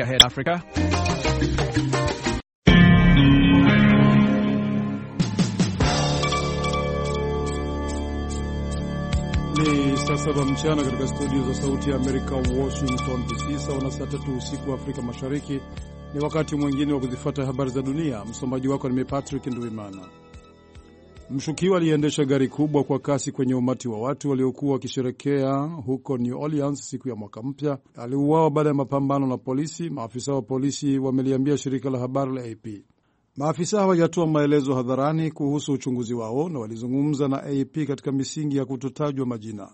Ahead Africa. Ni saa saba mchana katika studio za Sauti ya Amerika, Washington DC, sawa na saa tatu usiku wa Afrika Mashariki. Ni wakati mwingine wa kuzifuata habari za dunia. Msomaji wako ni mimi Patrick Nduimana. Mshukiwa aliendesha gari kubwa kwa kasi kwenye umati wa watu waliokuwa wakisherekea huko New Orleans siku ya mwaka mpya. Aliuawa baada ya mapambano na polisi, maafisa wa polisi wameliambia shirika la habari la AP. Maafisa hawajatoa maelezo hadharani kuhusu uchunguzi wao na walizungumza na AP katika misingi ya kutotajwa majina.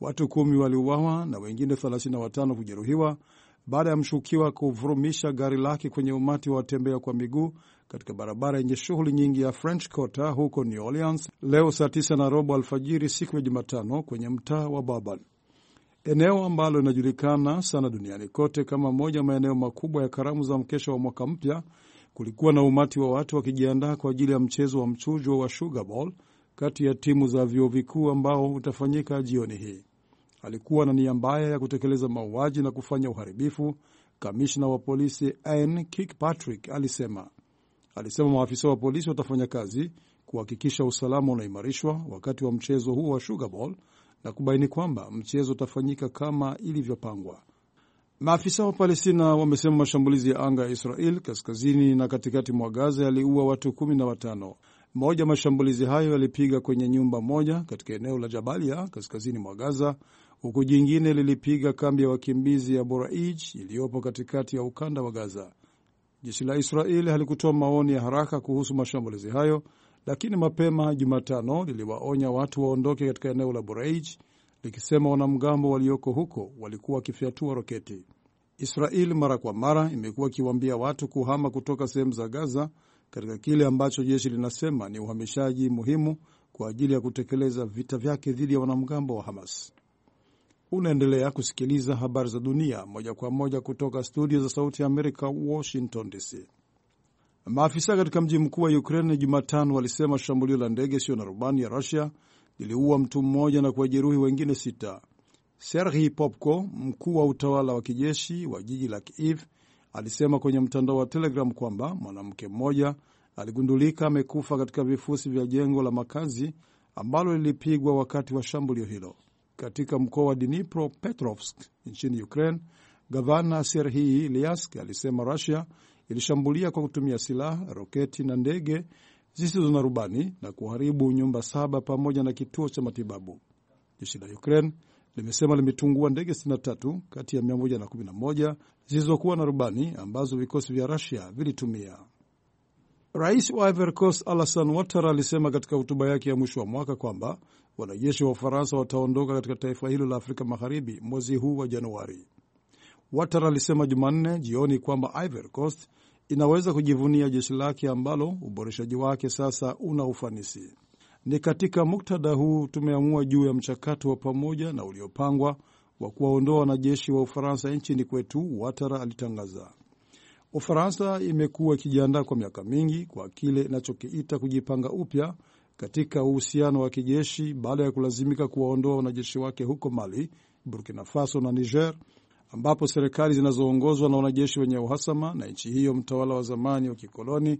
Watu kumi waliuawa na wengine 35 kujeruhiwa baada ya mshukiwa kuvurumisha gari lake kwenye umati wa watembea kwa miguu katika barabara yenye shughuli nyingi ya French Quarter huko New Orleans leo saa tisa na robo alfajiri siku ya Jumatano kwenye mtaa wa Bourbon, eneo ambalo linajulikana sana duniani kote kama moja maeneo makubwa ya karamu za mkesha wa mwaka mpya. Kulikuwa na umati wa watu wakijiandaa kwa ajili ya mchezo wa mchujo wa Sugar Bowl kati ya timu za vyuo vikuu ambao utafanyika jioni hii. Alikuwa na nia mbaya ya kutekeleza mauaji na kufanya uharibifu, kamishna wa polisi Anne Kirkpatrick alisema. Alisema maafisa wa polisi watafanya kazi kuhakikisha usalama unaimarishwa wakati wa mchezo huo wa Sugar Bowl na kubaini kwamba mchezo utafanyika kama ilivyopangwa. Maafisa wa Palestina wamesema mashambulizi ya anga ya Israel kaskazini na katikati mwa Gaza yaliua watu kumi na watano. Moja mashambulizi hayo yalipiga kwenye nyumba moja katika eneo la Jabalia kaskazini mwa Gaza, huku jingine lilipiga kambi ya wakimbizi ya Boraij iliyopo katikati ya ukanda wa Gaza. Jeshi la Israeli halikutoa maoni ya haraka kuhusu mashambulizi hayo, lakini mapema Jumatano liliwaonya watu waondoke katika eneo la Boreij likisema wanamgambo walioko huko walikuwa wakifyatua roketi. Israel mara kwa mara imekuwa ikiwaambia watu kuhama kutoka sehemu za Gaza katika kile ambacho jeshi linasema ni uhamishaji muhimu kwa ajili ya kutekeleza vita vyake dhidi ya wanamgambo wa Hamas. Unaendelea kusikiliza habari za dunia moja kwa moja kutoka studio za sauti ya Amerika, Washington DC. Maafisa katika mji mkuu wa Ukraine Jumatano walisema shambulio la ndege isiyo na rubani ya Rusia liliua mtu mmoja na kuwajeruhi wengine sita. Serhiy Popko, mkuu wa utawala wa kijeshi wa jiji la Kiev, alisema kwenye mtandao wa Telegram kwamba mwanamke mmoja aligundulika amekufa katika vifusi vya jengo la makazi ambalo lilipigwa wakati wa shambulio hilo katika mkoa wa Dnipro Petrovsk nchini Ukraine, gavana Serhii Liask alisema Rusia ilishambulia kwa kutumia silaha, roketi na ndege zisizo na rubani na kuharibu nyumba saba pamoja na kituo cha matibabu. Jeshi la Ukraine limesema limetungua ndege 63 kati ya 111 zilizokuwa na rubani ambazo vikosi vya Rusia vilitumia. Rais wa Ivory Coast Alassane Ouattara alisema katika hotuba yake ya mwisho wa mwaka kwamba wanajeshi wa Ufaransa wataondoka katika taifa hilo la Afrika Magharibi mwezi huu wa Januari. Watar alisema Jumanne jioni kwamba Ivory Coast inaweza kujivunia jeshi lake ambalo uboreshaji wake sasa una ufanisi. Ni katika muktadha huu tumeamua juu ya mchakato wa pamoja na uliopangwa wa kuwaondoa wanajeshi wa Ufaransa nchini kwetu, Watara alitangaza. Ufaransa imekuwa ikijiandaa kwa miaka mingi kwa kile inachokiita kujipanga upya katika uhusiano wa kijeshi baada ya kulazimika kuwaondoa wanajeshi wake huko Mali, Burkina Faso na Niger, ambapo serikali zinazoongozwa na wanajeshi wenye uhasama na nchi hiyo mtawala wa zamani wa kikoloni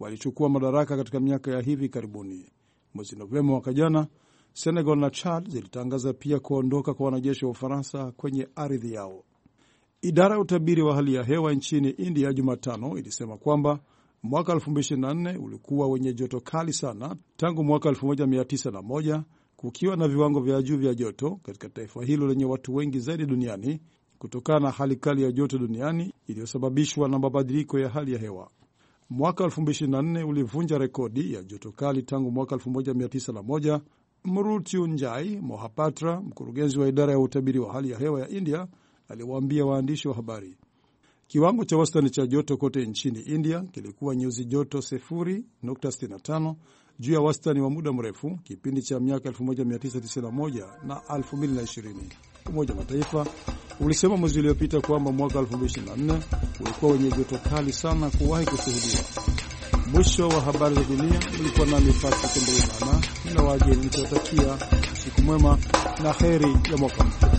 walichukua madaraka katika miaka ya hivi karibuni. Mwezi Novemba mwaka jana, Senegal na Chad zilitangaza pia kuondoka kwa wanajeshi wa Ufaransa kwenye ardhi yao. Idara ya utabiri wa hali ya hewa nchini India Jumatano ilisema kwamba Mwaka 2024 ulikuwa wenye joto kali sana tangu mwaka 1901 kukiwa na viwango vya juu vya joto katika taifa hilo lenye watu wengi zaidi duniani kutokana na hali kali ya joto duniani iliyosababishwa na mabadiliko ya hali ya hewa. Mwaka 2024 ulivunja rekodi ya joto kali tangu mwaka 1901. Mrutyunjai Mohapatra, mkurugenzi wa idara ya utabiri wa hali ya hewa ya India, aliwaambia waandishi wa habari. Kiwango cha wastani cha joto kote nchini India kilikuwa nyuzi joto 0.65 juu ya wastani wa muda mrefu kipindi cha miaka 1991 na 2020. Umoja wa Mataifa ulisema mwezi uliopita kwamba mwaka 2024 ulikuwa wenye joto kali sana kuwahi kushuhudiwa. Mwisho wa habari za dunia. Ulikuwa nami Patrick Ndeimana na wageni nikiwatakia siku mwema na heri ya mwaka mpya.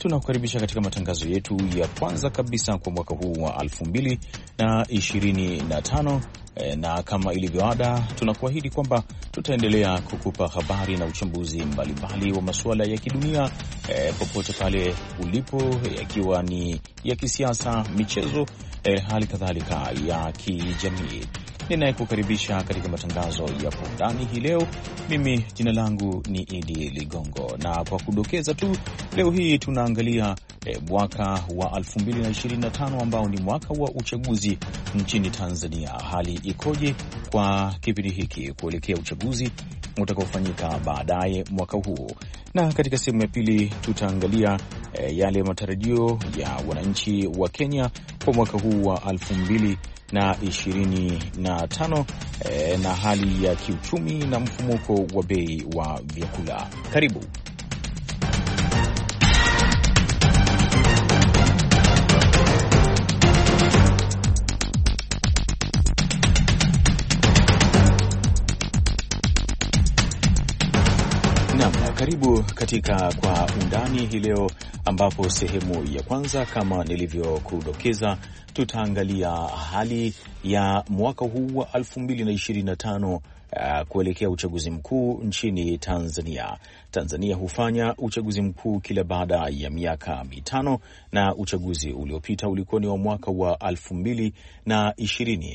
tunakukaribisha katika matangazo yetu ya kwanza kabisa kwa mwaka huu wa 2025 na e, na kama ilivyo ada tunakuahidi kwamba tutaendelea kukupa habari na uchambuzi mbalimbali wa masuala ya kidunia e, popote pale ulipo, yakiwa ni ya kisiasa, michezo e, hali kadhalika ya kijamii ninayekukaribisha katika matangazo ya kwa undani hii leo. Mimi jina langu ni Idi Ligongo, na kwa kudokeza tu, leo hii tunaangalia e, mwaka wa 2025 ambao ni mwaka wa uchaguzi nchini Tanzania. Hali ikoje kwa kipindi hiki kuelekea uchaguzi utakaofanyika baadaye mwaka huu? Na katika sehemu ya pili tutaangalia e, yale matarajio ya wananchi wa Kenya kwa mwaka huu wa na 25 e, eh, na hali ya kiuchumi na mfumuko wa bei wa vyakula. Karibu. Karibu katika Kwa Undani hii leo, ambapo sehemu ya kwanza kama nilivyokudokeza, tutaangalia hali ya mwaka huu wa 2025 Uh, eh, kuelekea uchaguzi mkuu nchini Tanzania. Tanzania hufanya uchaguzi mkuu kila baada ya miaka mitano na uchaguzi uliopita ulikuwa ni wa mwaka wa elfu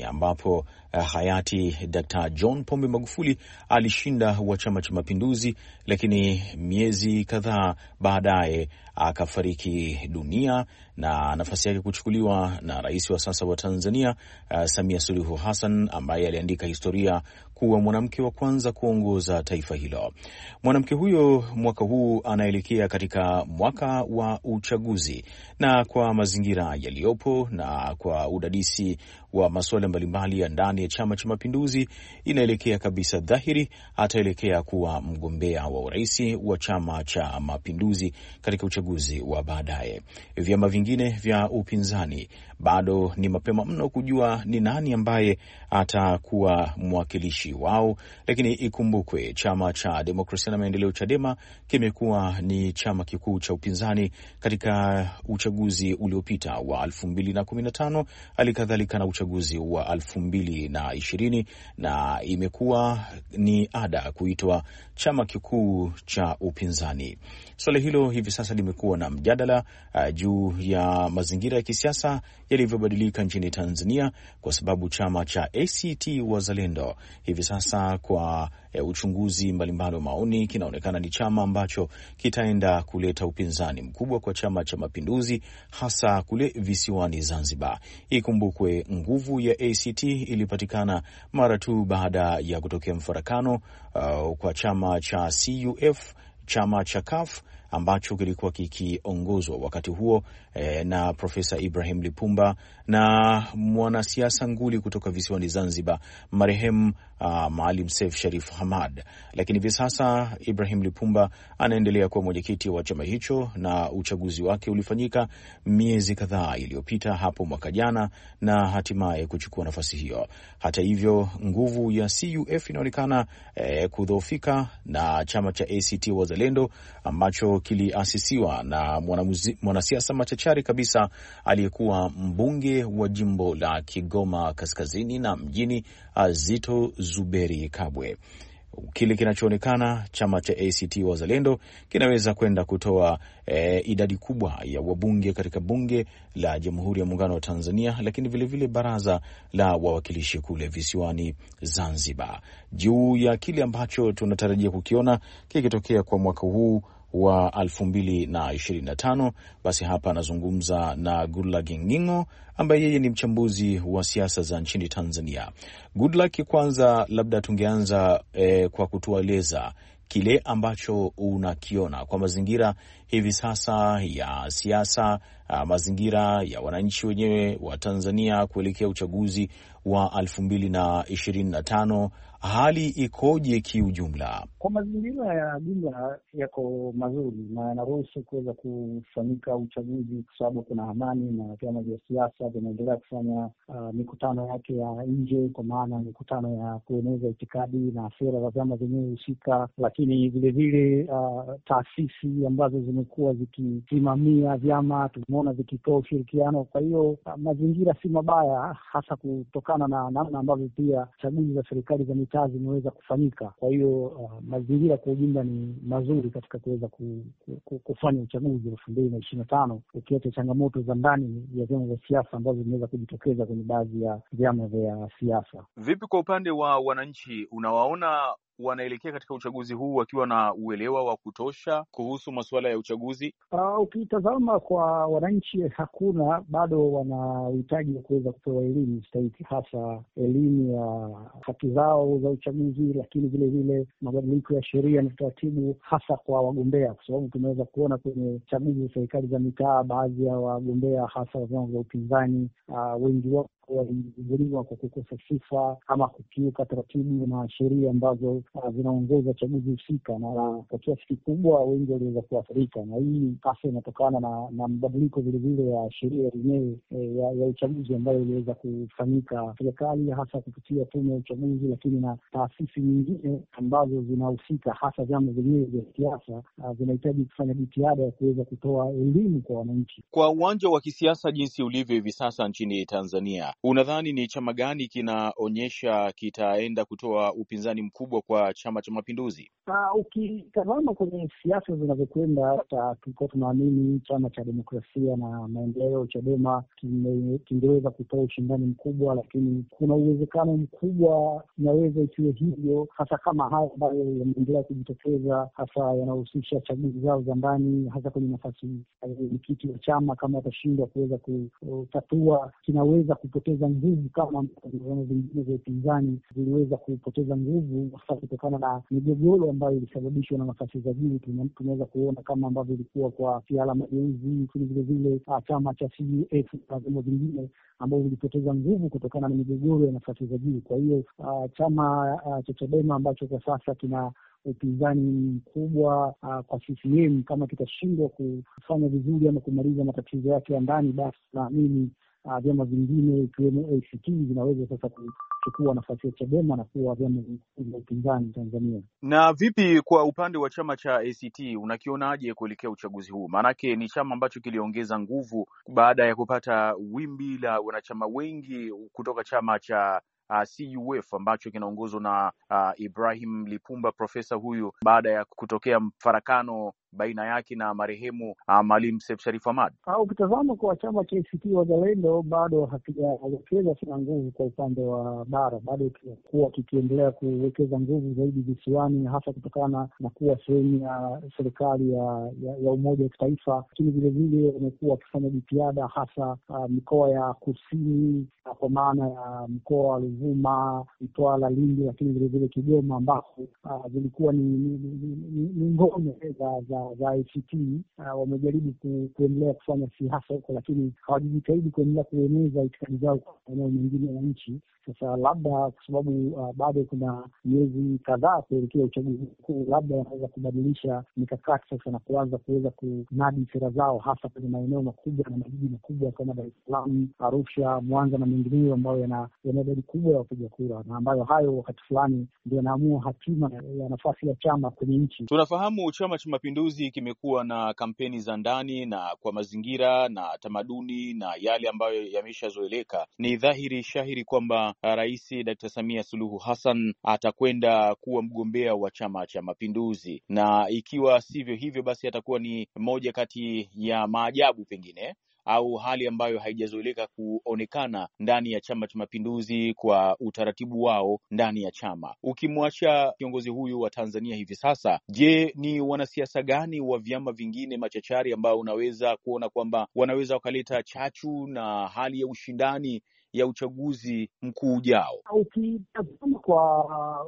ambapo Eh, hayati Dkt. John Pombe Magufuli alishinda wa Chama cha Mapinduzi, lakini miezi kadhaa baadaye akafariki dunia na nafasi yake kuchukuliwa na rais wa sasa wa Tanzania uh, Samia Suluhu Hassan ambaye aliandika historia kuwa mwanamke wa kwanza kuongoza taifa hilo. Mwanamke huyo mwaka huu anaelekea katika mwaka wa uchaguzi, na kwa mazingira yaliyopo na kwa udadisi wa masuala mbalimbali ya ndani ya Chama cha Mapinduzi, inaelekea kabisa dhahiri ataelekea kuwa mgombea wa urais wa Chama cha Mapinduzi katika uchaguzi wa baadaye. Vyama vingine vya upinzani bado ni mapema mno kujua ni nani ambaye atakuwa mwakilishi wao, lakini ikumbukwe chama cha demokrasia na maendeleo CHADEMA kimekuwa ni chama kikuu cha upinzani katika uchaguzi uliopita wa elfu mbili na hali kadhalika na uchaguzi wa elfu mbili na ishirini na imekuwa ni ada kuitwa chama kikuu cha upinzani. Suala hilo hivi sasa limekuwa na mjadala uh, juu ya mazingira ya kisiasa yalivyobadilika nchini Tanzania, kwa sababu chama cha ACT Wazalendo hivi sasa kwa uh, uchunguzi mbalimbali wa maoni kinaonekana ni chama ambacho kitaenda kuleta upinzani mkubwa kwa Chama cha Mapinduzi, hasa kule visiwani Zanzibar. Ikumbukwe nguvu ya ACT ilipatikana mara tu baada ya kutokea mfarakano uh, kwa chama chama cha CUF, chama cha kaf ambacho kilikuwa kikiongozwa wakati huo e, na Profesa Ibrahim Lipumba na mwanasiasa nguli kutoka visiwani Zanzibar marehemu uh, Maalim Seif Sharif Hamad, lakini hivi sasa Ibrahim Lipumba anaendelea kuwa mwenyekiti wa chama hicho, na uchaguzi wake ulifanyika miezi kadhaa iliyopita hapo mwaka jana, na hatimaye kuchukua nafasi hiyo. Hata hivyo, nguvu ya CUF inaonekana eh, kudhoofika na chama cha ACT Wazalendo ambacho kiliasisiwa na mwanasiasa machachari kabisa aliyekuwa mbunge wa jimbo la Kigoma kaskazini na mjini Zito Zuberi Kabwe. Kile kinachoonekana chama cha ACT Wazalendo kinaweza kwenda kutoa e, idadi kubwa ya wabunge katika bunge la Jamhuri ya Muungano wa Tanzania, lakini vilevile vile baraza la wawakilishi kule visiwani Zanzibar, juu ya kile ambacho tunatarajia kukiona kikitokea kwa mwaka huu wa 2025 basi hapa anazungumza na Goodluck Ngingo ambaye yeye ni mchambuzi wa siasa za nchini Tanzania. Goodluck, kwanza labda tungeanza eh, kwa kutueleza kile ambacho unakiona kwa mazingira hivi sasa ya siasa, ah, mazingira ya wananchi wenyewe wa Tanzania kuelekea uchaguzi wa elfu mbili na ishirini na tano hali ikoje kiujumla? Kwa mazingira ya jumla yako mazuri na yanaruhusu kuweza kufanyika uchaguzi, kwa sababu kuna amani na vyama vya siasa vinaendelea kufanya uh, mikutano yake ya nje, kwa maana mikutano ya kueneza itikadi na sera za vyama vyenyewe husika, lakini vilevile uh, taasisi ambazo zimekuwa zikisimamia vyama tumeona vikitoa ushirikiano. Kwa hiyo uh, mazingira si mabaya, hasa kutokana na namna ambavyo pia chaguzi za serikali za mitaa taa zimeweza kufanyika. Kwa hiyo uh, mazingira kwa ujumla ni mazuri katika kuweza ku, ku, ku, kufanya uchaguzi elfu mbili na ishirini na tano ukiacha changamoto za ndani ya vyama vya siasa ambazo zimeweza kujitokeza kwenye baadhi ya vyama vya siasa. Vipi kwa upande wa wananchi, unawaona wanaelekea katika uchaguzi huu wakiwa na uelewa wa kutosha kuhusu masuala ya uchaguzi? Ah, ukitazama kwa wananchi, hakuna bado wana uhitaji wa kuweza kupewa elimu stahiki, hasa elimu ya haki zao za uchaguzi, lakini vilevile mabadiliko ya sheria na taratibu, hasa kwa wagombea, kwa sababu tumeweza kuona kwenye chaguzi za serikali za mitaa, baadhi ya wagombea hasa wa vyama vya upinzani uh, wengi wao walizungumzwa kwa kukosa sifa ama kukiuka taratibu na sheria ambazo uh, zinaongoza chaguzi husika, na uh, kwa kiasi kikubwa wengi waliweza kuathirika, na hii hasa inatokana na, na mabadiliko vilevile ya sheria yenyewe eh, ya, ya uchaguzi ambayo iliweza kufanyika serikali hasa kupitia tume ya uchaguzi, lakini na taasisi nyingine ambazo zinahusika hasa vyama vyenyewe vya siasa uh, vinahitaji kufanya jitihada ya kuweza kutoa elimu kwa wananchi. Kwa uwanja wa kisiasa jinsi ulivyo hivi sasa nchini Tanzania, unadhani ni chama gani kinaonyesha kitaenda kutoa upinzani mkubwa kwa Chama cha Mapinduzi? Ukitazama kwenye siasa zinavyokwenda, tulikuwa tunaamini Chama cha Demokrasia na Maendeleo, Chadema, kingeweza kutoa ushindani mkubwa, lakini kuna uwezekano mkubwa inaweza isiwe hivyo, hasa kama haya ambayo yameendelea kujitokeza, hasa yanahusisha chaguzi zao za ndani, hasa kwenye nafasi mwenyekiti wa chama, kama watashindwa kuweza kutatua kinaweza kupotea kupoteza nguvu kama vyama vingine vya upinzani viliweza kupoteza nguvu, hasa kutokana na migogoro ambayo ilisababishwa na nafasi za juu. tunaweza kuona kama ambavyo ilikuwa kwa Siala Mageuzi, lakini vilevile ah, chama cha CUF e na vyama vingine ambavyo vilipoteza nguvu kutokana na migogoro ya nafasi za juu. Kwa hiyo ah, chama ah, cha Chadema ambacho kwa sasa kina upinzani mkubwa uh, kwa CCM kama kitashindwa kufanya vizuri ama kumaliza matatizo yake ya ndani, basi naamini Ah, vyama vingine ikiwemo ACT vinaweza sasa kuchukua nafasi ya Chadema na kuwa vyama vya upinzani Tanzania. Na vipi kwa upande wa chama cha ACT unakionaje kuelekea uchaguzi huu? Maanake ni chama ambacho kiliongeza nguvu baada ya kupata wimbi la wanachama wengi kutoka chama cha Uh, ah, CUF ambacho kinaongozwa na uh, Ibrahim Lipumba profesa huyu, baada ya kutokea mfarakano baina yake na marehemu ah, Maalim Seif Sharif Hamad? Ah, ukitazama kwa chama cha ACT Wazalendo bado hakijawekeza sana nguvu kwa upande wa bara, bado kuwa kikiendelea kuwekeza nguvu zaidi visiwani, hasa kutokana na kuwa sehemu ya serikali ya, ya, ya umoja wa kitaifa, lakini vilevile wamekuwa wakifanya jitihada hasa uh, mikoa ya kusini kwa maana ya mkoa wa Ruvuma, Mtwara, Lindi, lakini vilevile Kigoma ambako uh, zilikuwa ni ngome za za ACT uh, wamejaribu kuendelea kufanya siasa huko, lakini hawajajitahidi kuendelea kueneza itikadi zao kwa maeneo mengine ya nchi. Sasa labda kwa sababu uh, bado kuna miezi kadhaa kuelekea uchaguzi mkuu, labda wanaweza kubadilisha mikakati sasa na kuanza kuweza kunadi sera zao, hasa kwenye maeneo makubwa na majiji makubwa kama Dar es Salaam, Arusha, Mwanza na mengineyo ambayo yana idadi kubwa ya wapiga kura na ambayo hayo wakati fulani ndio yanaamua hatima ya nafasi ya chama kwenye nchi. Tunafahamu Chama cha Mapinduzi uchaguzi kimekuwa na kampeni za ndani, na kwa mazingira na tamaduni na yale ambayo yameshazoeleka, ni dhahiri shahiri kwamba ah, Rais Dkt. Samia Suluhu Hassan atakwenda kuwa mgombea wa Chama cha Mapinduzi, na ikiwa sivyo hivyo, basi atakuwa ni moja kati ya maajabu pengine au hali ambayo haijazoeleka kuonekana ndani ya Chama cha Mapinduzi kwa utaratibu wao ndani ya chama. Ukimwacha kiongozi huyu wa Tanzania hivi sasa, je, ni wanasiasa gani wa vyama vingine machachari ambao unaweza kuona kwamba wanaweza wakaleta chachu na hali ya ushindani ya uchaguzi mkuu ujao. Ukitazama kwa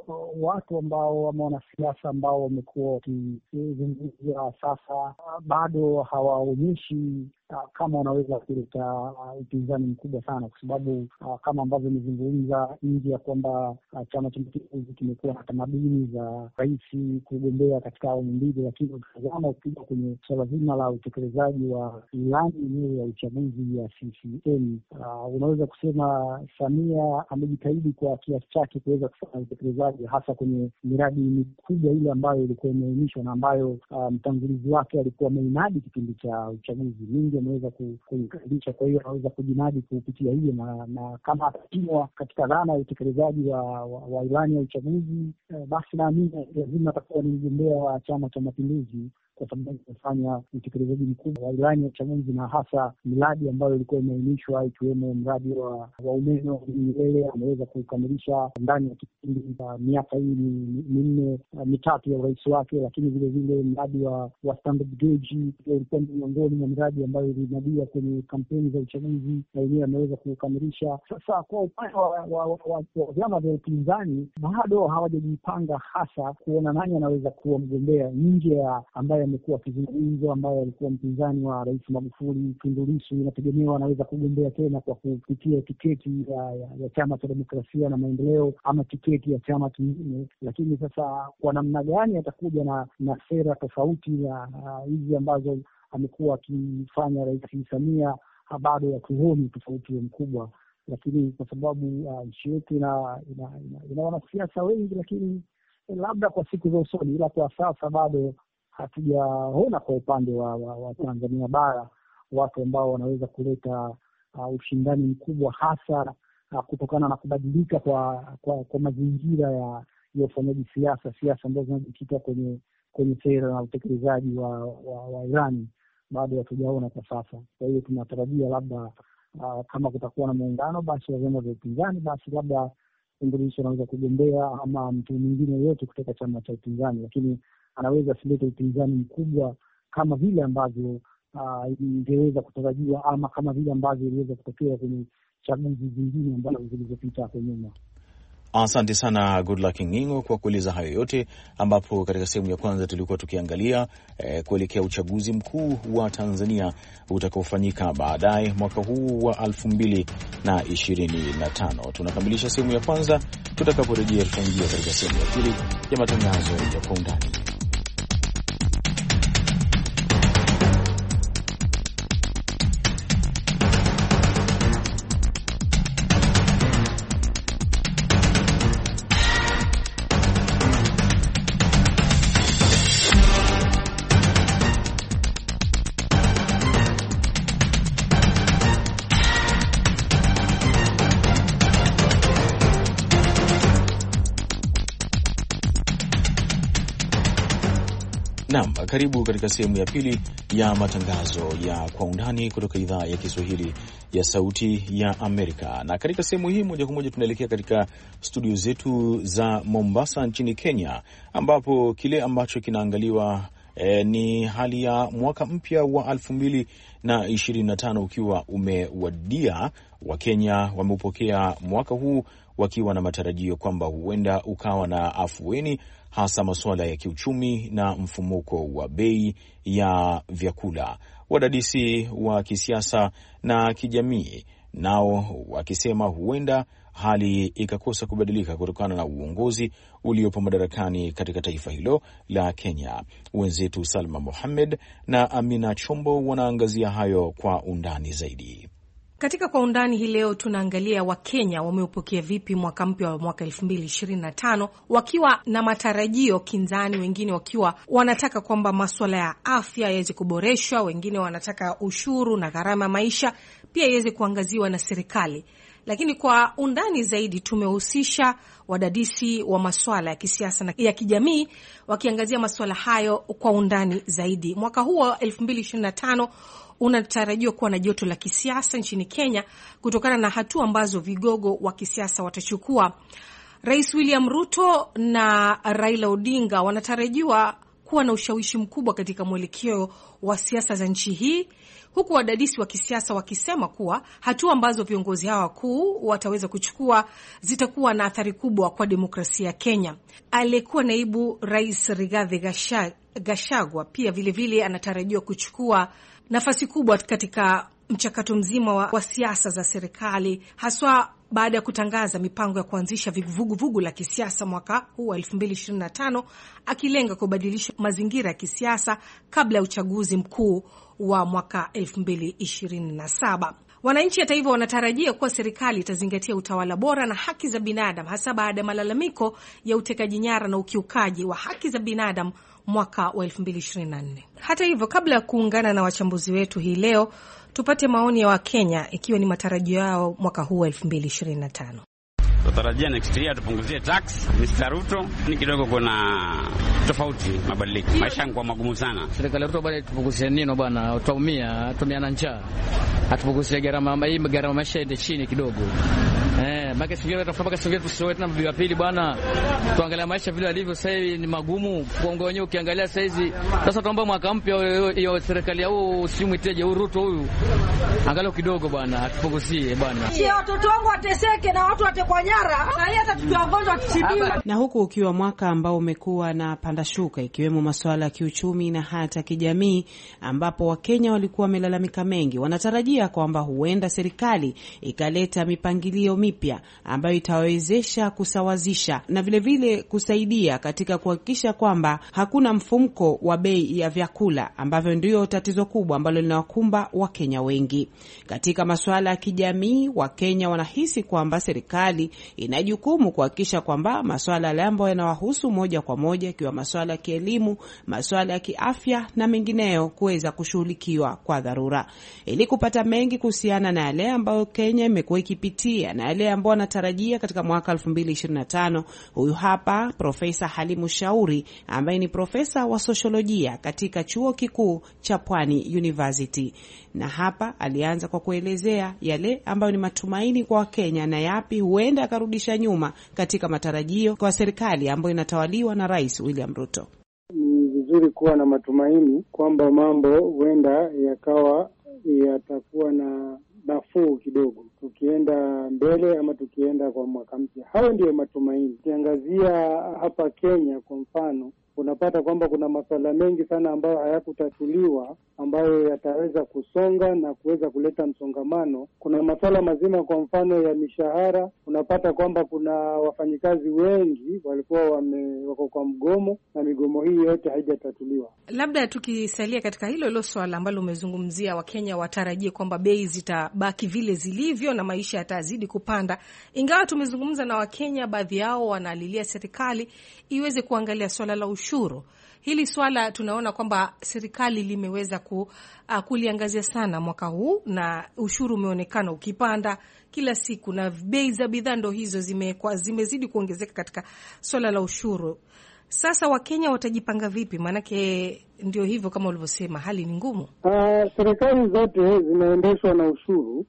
uh, watu ambao ama wanasiasa ambao wamekuwa wakizungumza sasa, bado hawaonyeshi Ah, kama unaweza kuleta ah, upinzani uh, mkubwa sana kwa sababu uh, kama ambavyo imezungumza nje ya kwamba uh, Chama cha Mapinduzi kimekuwa na tamaduni za rais kugombea katika awamu mbili, lakini ukitazama ukija kwenye suala zima la utekelezaji wa ilani yenyewe ya uchaguzi ya CCM uh, unaweza kusema Samia amejitahidi kwa kiasi chake kuweza kufanya utekelezaji hasa kwenye miradi mikubwa ile ambayo ilikuwa imeainishwa na ambayo uh, mtangulizi wake alikuwa ameinadi kipindi cha uchaguzi mingi ameweza kuikalisha. Kwa hiyo anaweza kujinadi kupitia hiyo, na na kama atapimwa katika dhana ya utekelezaji wa, wa, wa ilani ya uchaguzi eh, basi naamini lazima atakuwa ni mgombea wa Chama cha Mapinduzi kwa sababu tumefanya utekelezaji mkubwa wa ilani ya uchaguzi na hasa miradi ambayo ilikuwa imeainishwa ikiwemo mradi wa umeme wa Nyerere ameweza kukamilisha ndani ya kipindi cha miaka hii minne uh, mitatu ya urais wake, lakini vilevile mradi wa wa standard gauge ulikuwa ni miongoni mwa miradi ambayo ilinadiwa kwenye kampeni za uchaguzi na yenyewe ameweza kukamilisha. Sasa kwa upande wa vyama vya upinzani bado hawajajipanga hasa kuona nani anaweza kuwa mgombea nje ya ambaye amekuwa akizungumzwa, ambayo alikuwa mpinzani wa Rais Magufuli, Tundu Lissu, inategemewa anaweza kugombea tena kwa kupitia tiketi ya, ya, ya Chama cha Demokrasia na Maendeleo ama tiketi ya chama kingine. Lakini sasa kwa namna gani atakuja na, na sera tofauti na hizi ambazo amekuwa akifanya Rais Samia bado hatuoni tofauti mkubwa, lakini kwa sababu uh, nchi uh, yetu ina, ina, ina, ina wanasiasa wengi, lakini eh, labda kwa siku za usoni, ila kwa sasa bado hatujaona kwa upande wa, wa, wa Tanzania bara watu ambao wanaweza kuleta uh, ushindani mkubwa hasa uh, kutokana na kubadilika kwa, kwa, kwa mazingira ya ya ufanyaji siasa, siasa ambazo zinajikita kwenye kwenye sera na utekelezaji wa, wa, wa Irani bado hatujaona kwa sasa. Kwa hiyo tunatarajia labda uh, kama kutakuwa na muungano basi wa vyama vya upinzani, basi labda Tundulisu anaweza kugombea ama mtu mwingine yoyote kutoka chama cha upinzani, lakini anaweza asilete upinzani mkubwa kama vile ambavyo ah, ingeweza uh, kutarajiwa ama kama vile ambavyo iliweza kutokea kwenye chaguzi zingine ambazo zilizopita hapo nyuma. Asante sana Goodluck Ngingo kwa kueleza hayo yote, ambapo katika sehemu ya kwanza tulikuwa tukiangalia eh, kuelekea uchaguzi mkuu wa Tanzania utakaofanyika baadaye mwaka huu wa 2025. Tunakamilisha sehemu ya kwanza. Tutakaporejea tutaingia katika sehemu ya pili ya matangazo ya kwa undani. Karibu katika sehemu ya pili ya matangazo ya kwa undani kutoka idhaa ya Kiswahili ya Sauti ya Amerika. Na katika sehemu hii moja kwa moja tunaelekea katika studio zetu za Mombasa nchini Kenya, ambapo kile ambacho kinaangaliwa E, ni hali ya mwaka mpya wa elfu mbili na ishirini na tano ukiwa umewadia. Wakenya wameupokea mwaka huu wakiwa na matarajio kwamba huenda ukawa na afueni hasa masuala ya kiuchumi na mfumuko wa bei ya vyakula. Wadadisi wa kisiasa na kijamii nao wakisema huenda hali ikakosa kubadilika kutokana na uongozi uliopo madarakani katika taifa hilo la Kenya. Wenzetu Salma Mohamed na Amina Chombo wanaangazia hayo kwa undani zaidi. Katika kwa undani hii leo tunaangalia Wakenya wameupokea vipi mwaka mpya wa mwaka elfu mbili ishirini na tano wakiwa na matarajio kinzani, wengine wakiwa wanataka kwamba maswala ya afya yaweze kuboreshwa, wengine wanataka ushuru na gharama ya maisha pia iweze kuangaziwa na serikali. Lakini kwa undani zaidi tumehusisha wadadisi wa maswala ya kisiasa na ya kijamii wakiangazia maswala hayo kwa undani zaidi. Mwaka huu wa elfu mbili ishirini na tano unatarajiwa kuwa na joto la kisiasa nchini Kenya kutokana na hatua ambazo vigogo wa kisiasa watachukua. Rais William Ruto na Raila Odinga wanatarajiwa kuwa na ushawishi mkubwa katika mwelekeo wa siasa za nchi hii, huku wadadisi wa kisiasa wakisema kuwa hatua ambazo viongozi hawa wakuu wataweza kuchukua zitakuwa na athari kubwa kwa demokrasia ya Kenya. Aliyekuwa naibu rais Rigathi gashagwa pia vilevile anatarajiwa kuchukua nafasi kubwa katika mchakato mzima wa, wa siasa za serikali haswa baada ya kutangaza mipango ya kuanzisha vuguvugu la kisiasa mwaka huu wa 2025 akilenga kubadilisha mazingira ya kisiasa kabla ya uchaguzi mkuu wa mwaka 2027. Wananchi hata hivyo wanatarajia kuwa serikali itazingatia utawala bora na haki za binadamu, hasa baada ya malalamiko ya utekaji nyara na ukiukaji wa haki za binadamu mwaka wa 2024. Hata hivyo, kabla ya kuungana na wachambuzi wetu hii leo, tupate maoni ya Wakenya ikiwa ni matarajio yao mwaka huu wa 2025 tutarajia next year tupunguzie tax. Mr. Ruto ni kidogo kuna tofauti mabadiliko. Maisha yangu magumu sana. Serikali Ruto bwana tupunguzie nino bwana? Utaumia, tumia na njaa. Atupunguzie gharama, hii gharama maisha ende chini kidogo. Eh, maki sivyo, tutafuta kasi sivyo, tusiwe tena bibi pili bwana. Tuangalia maisha vile alivyo sasa hivi ni magumu. Kuongo wenyewe ukiangalia sasa hizi. Sasa tuomba mwaka mpya hiyo serikali au usimwiteje huyu Ruto huyu. Angalau kidogo bwana, atupunguzie bwana. Sio watoto wangu wateseke na watu watekwa biashara na huku ukiwa mwaka ambao umekuwa na pandashuka ikiwemo masuala ya kiuchumi na hata kijamii, ambapo Wakenya walikuwa wamelalamika mengi, wanatarajia kwamba huenda serikali ikaleta mipangilio mipya ambayo itawawezesha kusawazisha na vilevile vile kusaidia katika kuhakikisha kwamba hakuna mfumko wa bei ya vyakula, ambavyo ndiyo tatizo kubwa ambalo linawakumba Wakenya wengi. Katika masuala ya kijamii, Wakenya wanahisi kwamba serikali ina jukumu kuhakikisha kwamba maswala yale ambayo yanawahusu moja kwa moja, ikiwa maswala ya kielimu, maswala ya kiafya na mengineyo, kuweza kushughulikiwa kwa dharura, ili kupata mengi kuhusiana na yale ambayo Kenya imekuwa ikipitia na yale ambayo anatarajia katika mwaka 2025. Huyu hapa Profesa Halimu Shauri ambaye ni profesa wa sosiolojia katika chuo kikuu cha Pwani University na hapa alianza kwa kuelezea yale ambayo ni matumaini kwa Wakenya na yapi huenda akarudisha nyuma katika matarajio kwa serikali ambayo inatawaliwa na Rais William Ruto. Ni vizuri kuwa na matumaini kwamba mambo huenda yakawa yatakuwa na nafuu kidogo tukienda mbele ama tukienda kwa mwaka mpya. Hayo ndiyo matumaini. Ukiangazia hapa Kenya kwa mfano, unapata kwamba kuna masuala mengi sana ambayo hayakutatuliwa ambayo yataweza kusonga na kuweza kuleta msongamano. Kuna masuala mazima, kwa mfano ya mishahara, unapata kwamba kuna wafanyikazi wengi walikuwa wame, wako kwa mgomo na migomo hii yote haijatatuliwa. Labda tukisalia katika hilo hilo swala ambalo umezungumzia, Wakenya watarajie kwamba bei zitabaki vile zilivyo na maisha yatazidi kupanda, ingawa tumezungumza na Wakenya, baadhi yao wanalilia serikali iweze kuangalia swala la ushuru ushuru. Hili swala tunaona kwamba serikali limeweza ku, uh, kuliangazia sana mwaka huu na ushuru umeonekana ukipanda kila siku na bei za bidhaa ndo hizo zimekuwa zimezidi kuongezeka katika swala la ushuru. Sasa Wakenya watajipanga vipi? Maanake ndio hivyo kama ulivyosema, hali ni ngumu. Uh, serikali zote zinaendeshwa na ushuru,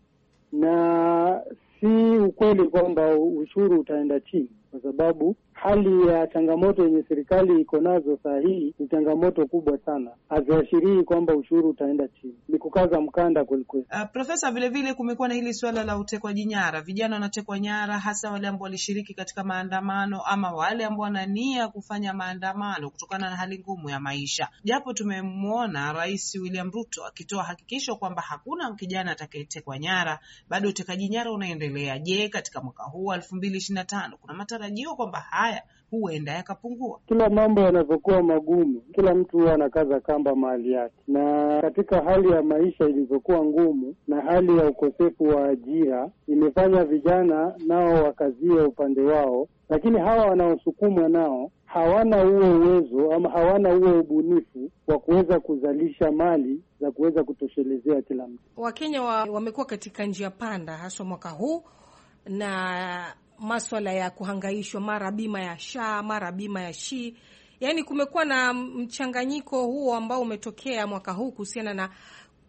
na si ukweli kwamba ushuru utaenda chini, kwa sababu hali ya changamoto yenye serikali iko nazo saa hii ni changamoto kubwa sana, haziashirii kwamba ushuru utaenda chini, ni kukaza mkanda kwelikweli. Uh, ah, Profesa, vilevile kumekuwa na hili suala la utekwaji nyara, vijana wanatekwa nyara, hasa wale ambao walishiriki katika maandamano ama wale ambao wanania kufanya maandamano kutokana na hali ngumu ya maisha, japo tumemwona Rais William Ruto akitoa hakikisho kwamba hakuna kijana atakayetekwa nyara, bado utekaji nyara unaendelea. Je, katika mwaka huu elfu mbili ishirini na tano kuna matarajio kwamba haya huenda yakapungua. Kila mambo yanavyokuwa magumu, kila mtu huwa anakaza kamba mahali yake, na katika hali ya maisha ilivyokuwa ngumu na hali ya ukosefu wa ajira imefanya vijana nao wakazie upande wao, lakini hawa wanaosukumwa nao hawana huo uwezo ama hawana huo ubunifu wa kuweza kuzalisha mali za kuweza kutoshelezea kila mtu. Wakenya wamekuwa katika njia panda, haswa mwaka huu na maswala ya kuhangaishwa, mara bima ya sha, mara bima ya shi. Yaani kumekuwa na mchanganyiko huo ambao umetokea mwaka huu kuhusiana na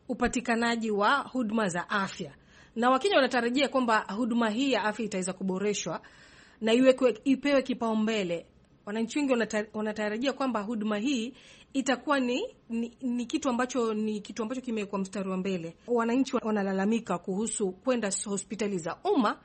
upatikanaji wa huduma za afya, na Wakenya wanatarajia kwamba huduma hii ya afya itaweza kuboreshwa na ipewe kipaumbele. Wananchi wengi wanatarajia kwamba huduma hii itakuwa ni, ni, ni kitu ambacho ni kitu ambacho kimewekwa mstari wa mbele. Wananchi wanalalamika kuhusu kwenda hospitali za umma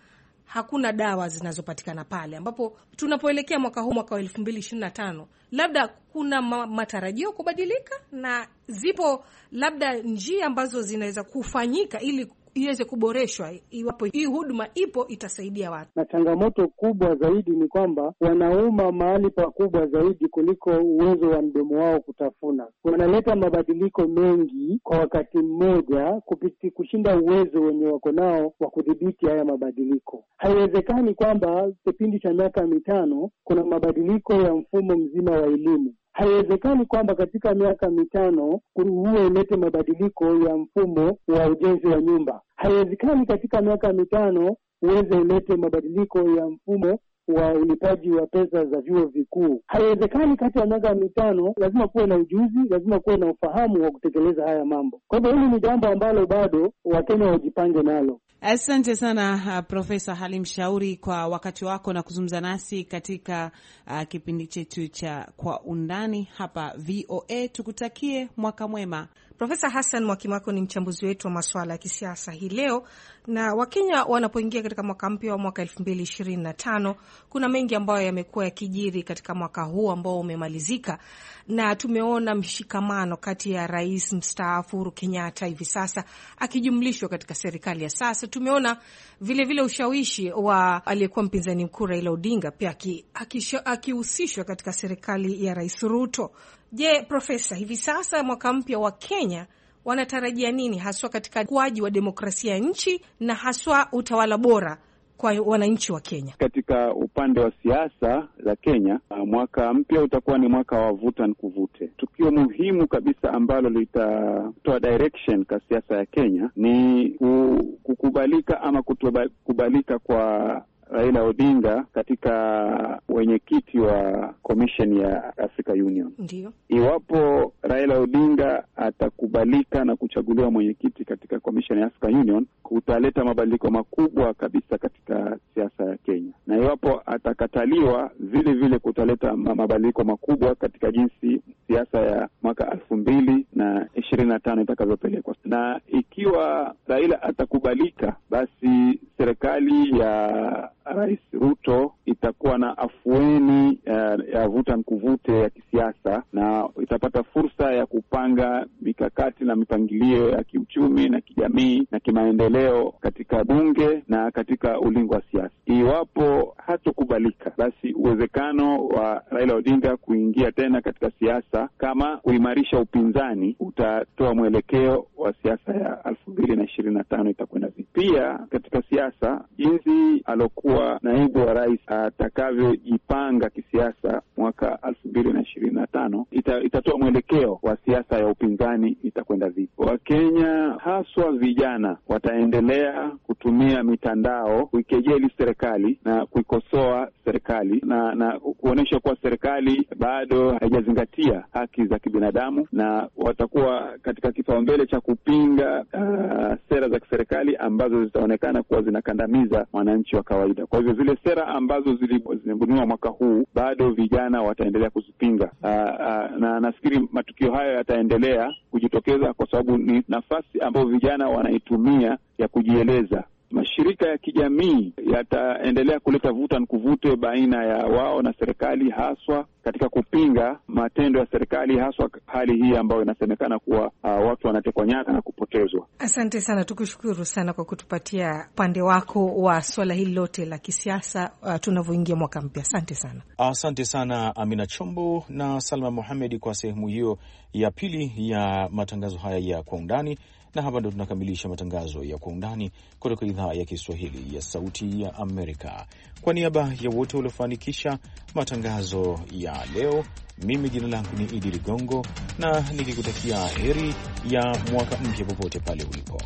hakuna dawa zinazopatikana pale, ambapo tunapoelekea mwaka huu, mwaka wa elfu mbili ishirini na tano, labda kuna matarajio kubadilika, na zipo labda njia ambazo zinaweza kufanyika ili iweze kuboreshwa. Iwapo hii huduma ipo, itasaidia watu. Na changamoto kubwa zaidi ni kwamba wanauma mahali pakubwa zaidi kuliko uwezo wa mdomo wao kutafuna. Wanaleta mabadiliko mengi kwa wakati mmoja kupiti, kushinda uwezo wenye wako nao wa kudhibiti haya mabadiliko. Haiwezekani kwamba kipindi cha miaka mitano kuna mabadiliko ya mfumo mzima wa elimu Haiwezekani kwamba katika miaka mitano huwe ilete mabadiliko ya mfumo wa ujenzi wa nyumba. Haiwezekani katika miaka mitano uweze ulete mabadiliko ya mfumo wa ulipaji wa pesa za vyuo vikuu. Haiwezekani kati ya miaka mitano. Lazima kuwe na ujuzi, lazima kuwe na ufahamu wa kutekeleza haya mambo. Kwa hivyo hili ni jambo ambalo bado Wakenya wajipange nalo. Asante sana uh, Profesa Halim Shauri kwa wakati wako na kuzungumza nasi katika uh, kipindi chetu cha Kwa Undani hapa VOA. Tukutakie mwaka mwema. Profesa Hassan Mwakimako ni mchambuzi wetu wa masuala ya kisiasa hii leo. Na Wakenya wanapoingia katika mwaka mpya wa mwaka elfu mbili ishirini na tano, kuna mengi ambayo yamekuwa yakijiri katika mwaka huu ambao umemalizika, na tumeona mshikamano kati ya rais mstaafu Uhuru Kenyatta hivi sasa akijumlishwa katika serikali ya sasa. Tumeona vilevile vile ushawishi wa aliyekuwa mpinzani mkuu Raila Odinga pia akihusishwa aki, aki katika serikali ya rais Ruto. Je, Profesa, hivi sasa mwaka mpya wa Kenya Wakenya wanatarajia nini haswa katika ukuaji wa demokrasia ya nchi na haswa utawala bora kwa wananchi wa Kenya. Katika upande wa siasa za Kenya, uh, mwaka mpya utakuwa ni mwaka wa vuta kuvute Tukio muhimu kabisa ambalo litatoa direction kwa siasa ya Kenya ni kukubalika ama kutokubalika kwa Raila Odinga katika wenyekiti wa commission ya Africa Union. Ndiyo. Iwapo Raila Odinga atakubalika na kuchaguliwa mwenyekiti katika commission ya Africa Union, kutaleta mabadiliko makubwa kabisa katika siasa ya Kenya, na iwapo atakataliwa, vile vile kutaleta mabadiliko makubwa katika jinsi siasa ya mwaka elfu mbili na ishirini na tano itakavyopelekwa. Na ikiwa Raila atakubalika, basi serikali ya Rais Ruto itakuwa na afueni uh, ya vuta nkuvute ya kisiasa na itapata fursa ya kupanga mikakati na mipangilio ya kiuchumi na kijamii na kimaendeleo katika bunge na katika ulingo wa siasa. Iwapo hatokubalika, basi uwezekano wa Raila Odinga kuingia tena katika siasa kama kuimarisha upinzani utatoa mwelekeo wa siasa ya elfu mbili na ishirini na tano itakwenda vipi. Pia katika siasa jinsi alokuwa naibu wa rais atakavyojipanga kisiasa mwaka elfu mbili na ishirini na tano ita, itatoa mwelekeo wa siasa ya upinzani itakwenda vipi. Wakenya haswa vijana wataendelea kutumia mitandao kuikejeli serikali na kuikosoa serikali na, na kuonyesha kuwa serikali bado haijazingatia haki za kibinadamu na watakuwa katika kipaumbele cha kupinga uh, za kiserikali ambazo zitaonekana kuwa zinakandamiza mwananchi wa kawaida. Kwa hivyo zile sera ambazo zilibuniwa mwaka huu bado vijana wataendelea kuzipinga, ah, ah, na nafikiri matukio hayo yataendelea kujitokeza kwa sababu ni nafasi ambayo vijana wanaitumia ya kujieleza mashirika ya kijamii yataendelea kuleta vuta ni kuvute baina ya wao na serikali, haswa katika kupinga matendo ya serikali, haswa hali hii ambayo inasemekana kuwa uh, watu wanatekwa nyara na kupotezwa. Asante sana, tukushukuru sana kwa kutupatia upande wako wa swala hili lote la kisiasa uh, tunavyoingia mwaka mpya. Asante sana, asante sana Amina Chombo na Salma Muhamedi kwa sehemu hiyo ya pili ya matangazo haya ya kwa undani. Na hapa ndo tunakamilisha matangazo ya kwa undani kutoka idhaa ya Kiswahili ya Sauti ya Amerika. Kwa niaba ya wote waliofanikisha matangazo ya leo, mimi jina langu ni Idi Ligongo na nikikutakia heri ya mwaka mpya popote pale ulipo.